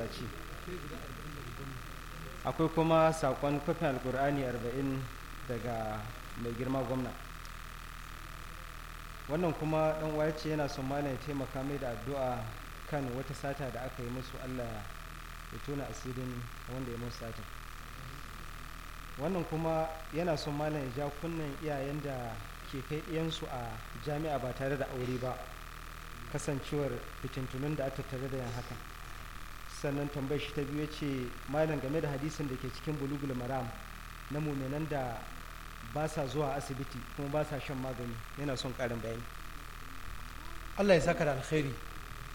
masallaci akwai kuma saƙon kwafin alkur'ani 40 daga mai girma gwamna wannan kuma ɗan wace yana son malam ya taimaka mai da addu'a kan wata sata da aka yi musu allah ya tona asirin wanda ya musu satin wannan kuma yana son malam ya ja kunnen iyayen da ke kai ɗiyansu a jami'a ba tare da aure ba kasancewar fitintunin da aka tare da yin hakan sannan tambayar shi ta biyu ya ce malam game da hadisin da ke cikin bulugul maram na muminan da ba sa zuwa asibiti kuma ba sa shan magani yana son karin bayani allah ya saka da alkhairi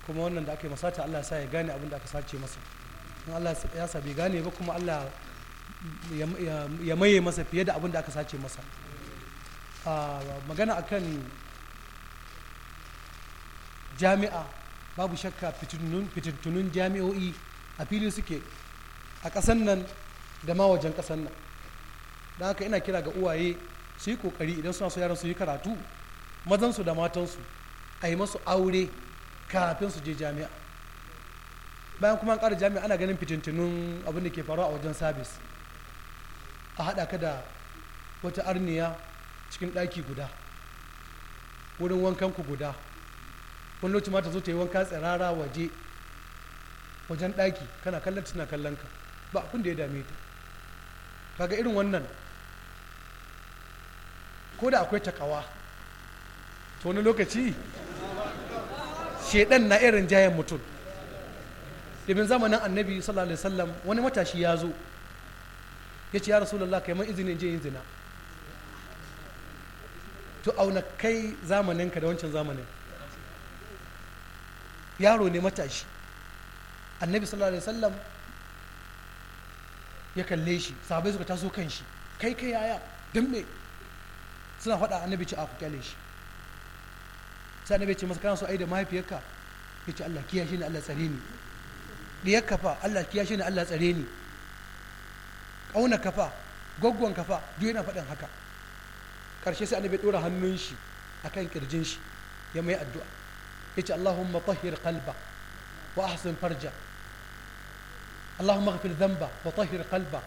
kuma wannan da aka yi masata allah ya sa ya gane abin da aka sace masa in allah ya sa bai gane ba kuma allah ya maye masa fiye da abin da aka sace masa ah, magana akan jami'a babu shakka fitintunun jami'o'i a fili suke a ƙasan nan da ma wajen ƙasan nan don haka ina kira ga uwaye su yi ƙoƙari idan suna so yaran su yi karatu mazansu da matansu a yi masu aure kafin su je jami'a bayan kuma an ƙara jami'a ana ganin fitintunun abin da ke faruwa a wajen sabis a haɗa ka da wata arniya cikin ɗaki guda wurin wankanku guda wani lokaci ma ta zo ta yi wanka tsirara waje wajen ɗaki kana kallon tana kallon ka ba abin da ya dame ta kaga irin wannan ko da akwai takawa to wani lokaci shedan na irin jayen mutum domin zamanin annabi sallallahu alaihi wasallam wani matashi ya zo ya ce ya ka kai man izinin je yin zina to auna kai zamaninka da wancan zamanin yaro ne matashi annabi sallallahu alaihi wasallam ya kalle shi sahabai suka taso kan shi kai kai yaya dan me suna faɗa annabi ce a ku kyale shi sai annabi ce masa kana so ai da mahaifiyarka ya ce Allah kiya shi ne Allah tsare ni diyar kafa Allah kiya shi ne Allah tsare ni ƙauna kafa gwaggon kafa duk yana faɗin haka ƙarshe sai annabi ɗora hannun shi akan kirjin shi ya mai addu'a هيك اللهم طهر قلبه واحسن فرجه اللهم اغفر ذنبه وطهر قلبه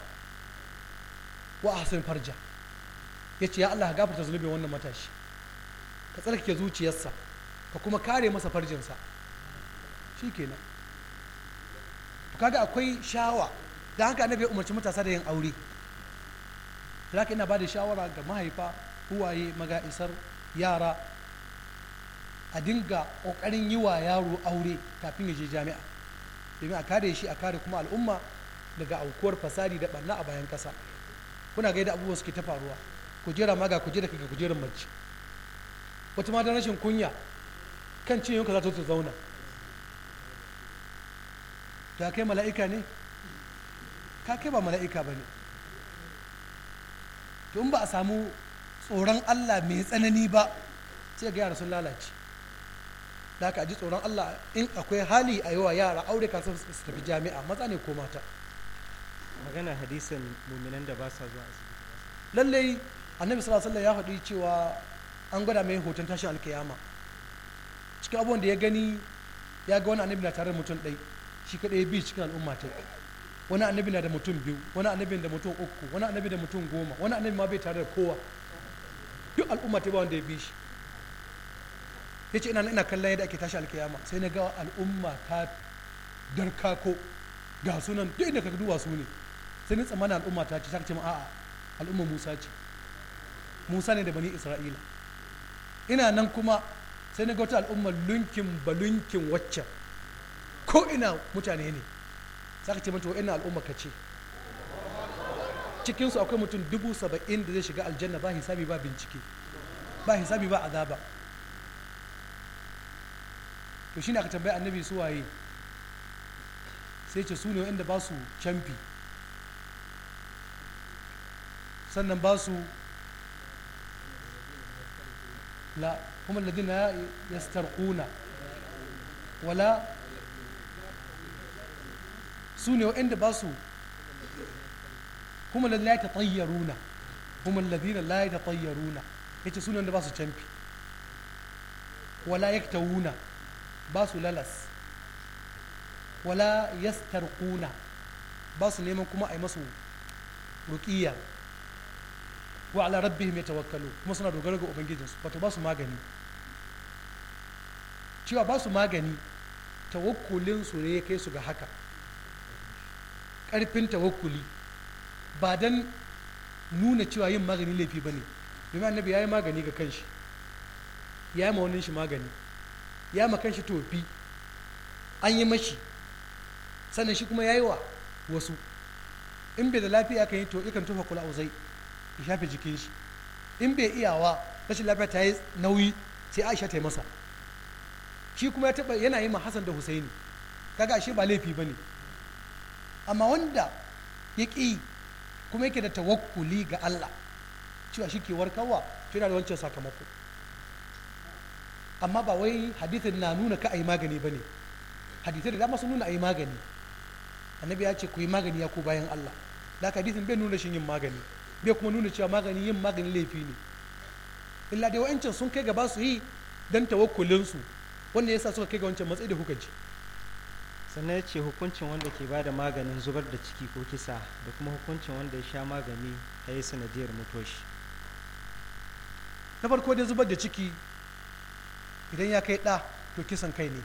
واحسن فرجه هيك يا الله غفر ذنبي وانا ما تاش كسلك يا زوجيسا فكما كاري مسا فرجنسا كينا فكاغا اكوي شاوا da haka annabi ya umarci matasa da yin aure lakin ina ba da shawara ga mahaifa huwaye maga isar a dinga ƙoƙarin yi wa yaro aure kafin ya je jami'a domin a kare shi a kare kuma al'umma daga aukuwar fasadi da barna a bayan ƙasa kuna gaida abubuwa suke ta faruwa kujera ma ga kujera ga kujerar mace wata ma rashin kunya kan cin yanka za ta zauna ta kai mala'ika ne ka kai ba mala'ika ba ne to ba a samu tsoron allah mai tsanani ba sai ga yara sun lalace da aka ji tsoron Allah in akwai hali a yi wa yara aure kafin su tafi jami'a maza ne ko mata magana hadisin muminan da ba sa zuwa asibiti lallai annabi sallallahu alaihi ya faɗi cewa an gwada mai hoton tashi alkiyama cikin abubuwan da ya gani ya ga wani annabi na tare da mutum ɗai shi kaɗai bi cikin al'umma ta wani annabi na da mutum biyu wani annabi da mutum uku wani annabi da mutum goma wani annabi ma bai tare da kowa duk al'umma ta ba wanda ya bi shi ya ce ina ina kallon yadda ake tashi alkiyama sai na ga al'umma ta darkako ga sunan duk inda ka duwa su ne sai na tsammanin al'umma ta ce ta ce a'a al'umma musa ce musa ne da bani isra'ila ina nan kuma sai na ga wata al'umma lunkin balunkin waccan ko ina mutane ne za ka ce mata ina al'umma ka ce cikinsu akwai mutum dubu saba'in da zai shiga aljanna ba hisabi ba bincike ba hisabi ba azaba to shine aka tambaya annabi su waye sai ce su ne wanda ba su camfi sannan ba su la kuma ladina yastarquna wala su ne wa'anda ba su kuma ladina ta tayyaruna kuma ladina la ta tayyaruna yace su ne wanda ba su camfi wala yaktawuna ba su lalas wala yastarquna ba su neman kuma a yi masu rukiya wa ala mai tawakkalo kuma suna dogara ga ubangijinsu wato ba su magani cewa ba su magani tawakkulin su ne ya kai su ga haka karfin tawakkuli ba dan nuna cewa yin magani laifi ba ne domin annabi ya yi magani ga kanshi ya yi ma wani shi magani ya makan shi tofi an yi mashi sannan shi kuma ya yi wa wasu in bai da lafiya kan yi to ikan tufa kula zai ya shafe jikin shi in bai iyawa rashin lafiya ta yi nauyi sai aisha ta yi masa shi kuma ya taba yana yi ma hasan da husaini kaga shi ba laifi ba ne amma wanda ya ƙi kuma yake da tawakkuli ga allah cewa shi ke warkarwa to yana da wancan sakamako amma ba wai hadithin na nuna ka a yi magani ba ne hadithai da dama sun nuna a yi magani annabi ya ce ku yi magani ya ku bayan allah da hadithin bai nuna shin yin magani bai kuma nuna cewa magani yin magani laifi ne illa dai wa'ancan sun kai gaba su yi don tawakkulinsu wannan yasa suka kai ga wancan matsayi da kuka ji sannan ya ce hukuncin wanda ke bada maganin zubar da ciki ko kisa da kuma hukuncin wanda ya sha magani ya yi sanadiyar mutuwa shi na farko dai zubar da ciki idan ya kai ɗa to kisan kai ne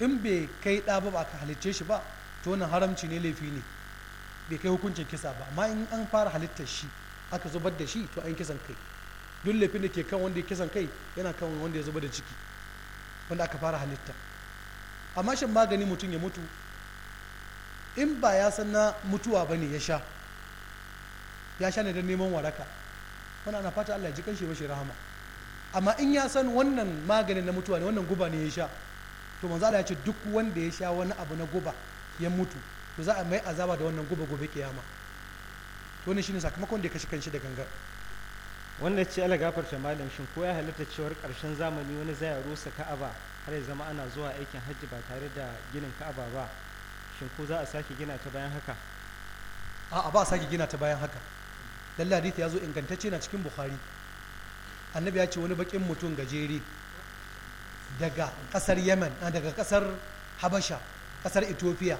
in bai kai ɗa ba ba ka halicce shi ba to wannan haramci ne laifi ne bai kai hukuncin kisa ba amma in an fara halittar shi aka zubar da shi to an kisan kai duk laifin da ke kan wanda ya kisan kai yana kan wanda ya zubar da ciki wanda aka fara halitta amma shan magani mutum ya mutu in ba ya san na mutuwa ba ne ya sha ya sha ne don neman waraka wani ana fata allah ya ji kanshi mashi rahama amma in ya san wannan maganin na mutuwa ne wannan guba ne ya sha to manzo Allah ya ce duk wanda ya sha wani abu na guba ya mutu to za a mai azaba da wannan guba gobe kiyama to ne shine sakamakon da ya kashe kanshi da gangar wanda ce ala gafarta malam shin ko ya halatta cewar karshen zamani wani zai rusa ka'aba har ya zama ana zuwa aikin hajji ba tare da ginin ka'aba ba shin ko za a sake gina ta bayan haka a'a ba a sake gina ta bayan haka lalla hadith ya zo ingantacce na cikin bukhari annabi ya ce wani bakin mutum gajeri daga kasar yemen daga kasar habasha kasar ethiopia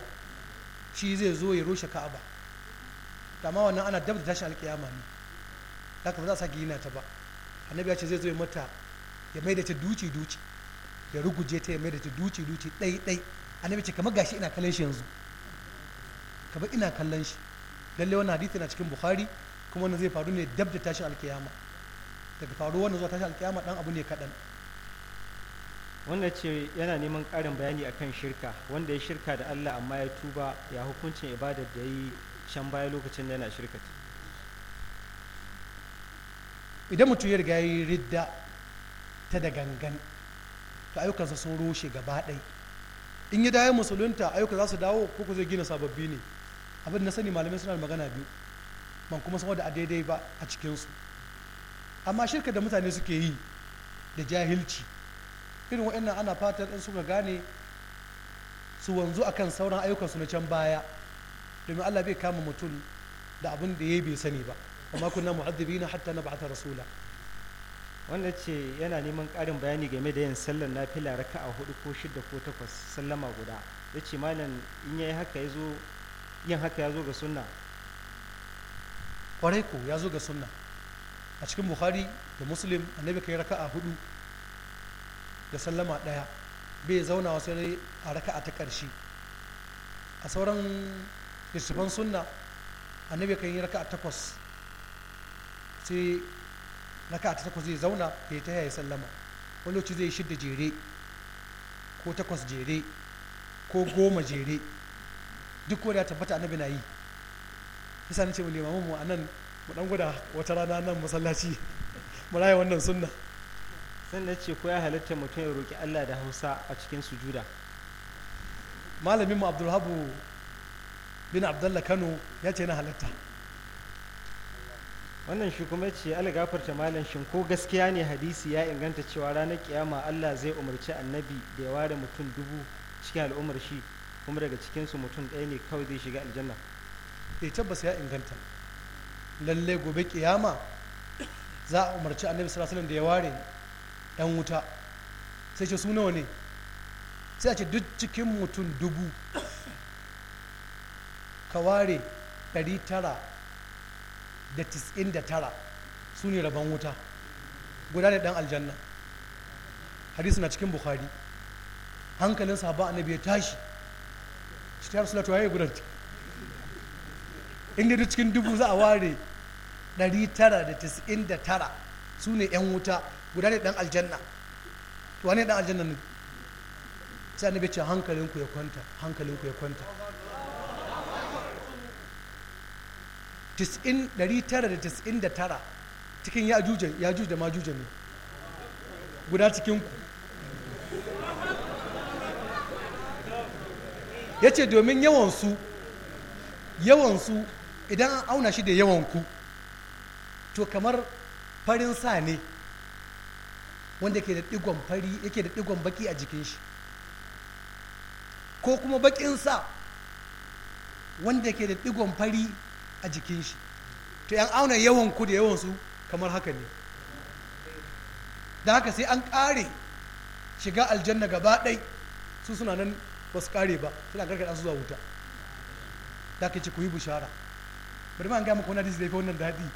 shi zai zo ya rushe ka'aba dama wannan ana dab da tashin alkiyama ne da ba za a sake gina ta ba annabi ya ce zai zo ya mata ya mai da ta duci duci ya ruguje ta ya mai da ta duci duci ɗai ɗai annabi ce kamar gashi ina kallon shi yanzu kamar ina kallon shi lalle wannan hadisi na cikin bukhari kuma wannan zai faru ne dab da tashin alkiyama daga faruwa wanda zuwa tashi alkiyama dan abu ne kaɗan wanda ce yana neman karin bayani akan shirka wanda ya shirka da Allah amma ya tuba ya hukuncin ibadar da yi can baya lokacin da yana shirka idan mutum ya riga yi ridda ta da gangan to ayyukansa sun rushe gaba ɗai in ya dawo musulunta ayyuka za su dawo ko ku zai gina sababbi ne abin na sani malamai suna magana biyu ban kuma san da a daidai ba a cikinsu amma shirka da mutane suke yi da jahilci irin wa'annan ana fatar in suka gane su wanzu akan sauran ayyukansu na can baya domin Allah bai kama mutum da abin da ya bai sani ba amma kunna na hatta na ba'ata rasula wanda ce yana neman ƙarin bayani game da yin sallar nafila raka'a hudu ko shida ko takwas sallama guda ya ce malam in yayi haka ya yin haka ya zo ga sunna kwarai ko ya zo ga sunna a cikin bukhari da muslim annabi kai raka'a hudu da sallama daya bai zauna sai a raka'a ta karshe a sauran littattafan sunna annabi kan yi raka'a takwas sai raka'a ta takwas zai zauna ya ta yaya sallama wani lokaci zai shidda jere ko takwas jere ko goma jere duk wani ya tabbata annabi na yi yasa ce mu limamin mu nan mu dan guda wata rana nan masallaci mu raya wannan sunna sannan ce ko ya halatta mutum ya roki Allah da Hausa a cikin sujuda malamin mu Abdulhabu bin Abdullah Kano ya ce na halatta wannan shi kuma ce algafarta malam shin ko gaskiya ne hadisi ya inganta cewa ranar kiyama Allah zai umarci annabi da ya ware mutum dubu cikin al'ummar shi kuma daga cikinsu mutum ɗaya ne kawai zai shiga aljanna bai eh, tabbas ya inganta lalle gobe kiyama za a umarci annabi sallallahu alaihi da ya ware ɗan wuta sai ce su nawa ne sai a ce duk cikin mutum dubu ka ware 999 su ne rabon wuta guda ne dan aljanna hadisu na cikin bukhari hankalin sahaba annabi ya tashi shi ta ya yi gudanta inda duk cikin dubu za a ware 999 su ne 'yan wuta guda ne dan aljanna to wane dan aljanna ne sai annabi ce hankalinku ya kwanta hankalinku ya kwanta 999 cikin ya juje da juje ne guda cikinku ya ce domin yawansu yawansu idan an auna shi da yawanku to kamar farin sa ne wanda ke da digon fari yake da digon baki a jikin shi ko kuma bakin sa wanda ke da digon fari a jikin shi to yan auna yawan ku da yawan su kamar haka ne da haka sai an kare shiga aljanna gaba ɗai su suna nan ba su kare ba suna karkada su zuwa wuta da ka ce ku yi bushara bari ma an gaya kuna da wannan daɗi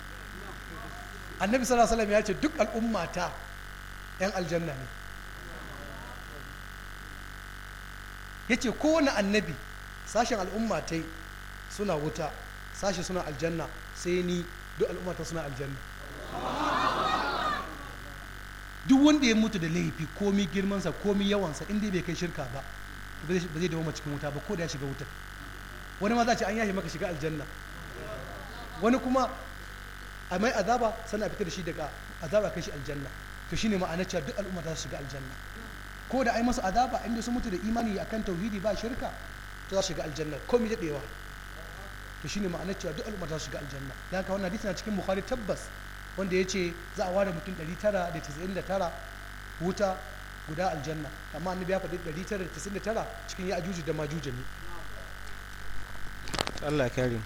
annabi sallallahu alaihi ya ce duk al'ummata 'yan aljanna ne ya kowane annabi sashen al'ummatai suna wuta sashi suna aljanna sai ni duk al'ummata suna aljanna duk wanda ya mutu da laifi komi girmansa komi yawansa inda bai kai shirka ba ba zai dawo cikin wuta ba ko da ya shiga wuta wani ma za a ce an yashi maka shiga aljanna wani kuma a mai azaba sannan a fitar da shi daga azaba kai shi aljanna to shine ma'anar cewa duk al'umma za su shiga aljanna ko da ai masa azaba inda sun mutu da imani akan tauhidi ba shirka to za su shiga aljanna komai dadewa to shine ma'anar cewa duk al'umma za su shiga aljanna dan haka wannan hadisi na cikin bukhari tabbas wanda ya ce za a ware mutum 999 wuta guda aljanna amma annabi ya faɗi 999 cikin ya ajuji da majuja ne Allah ya kare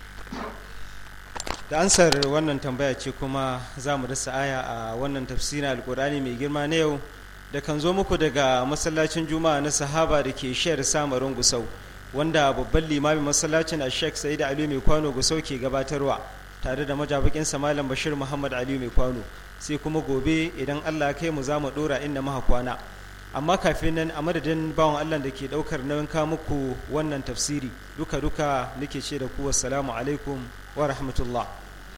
da ansar wannan tambaya ce kuma za mu dasa aya a wannan tafsirin alkur'ani mai girma na yau da kan zo muku daga masallacin juma'a na sahaba da ke shayar samarin gusau wanda babban limamin masallacin a sai da ali mai kwano gusau ke gabatarwa tare da majabakinsa malam bashir muhammad ali mai kwano sai kuma gobe idan allah kai mu za mu dora inda maha kwana amma kafin nan a madadin bawan Allah da ke daukar nauyin ka muku wannan tafsiri duka duka nake ce da ku assalamu alaikum wa rahmatullah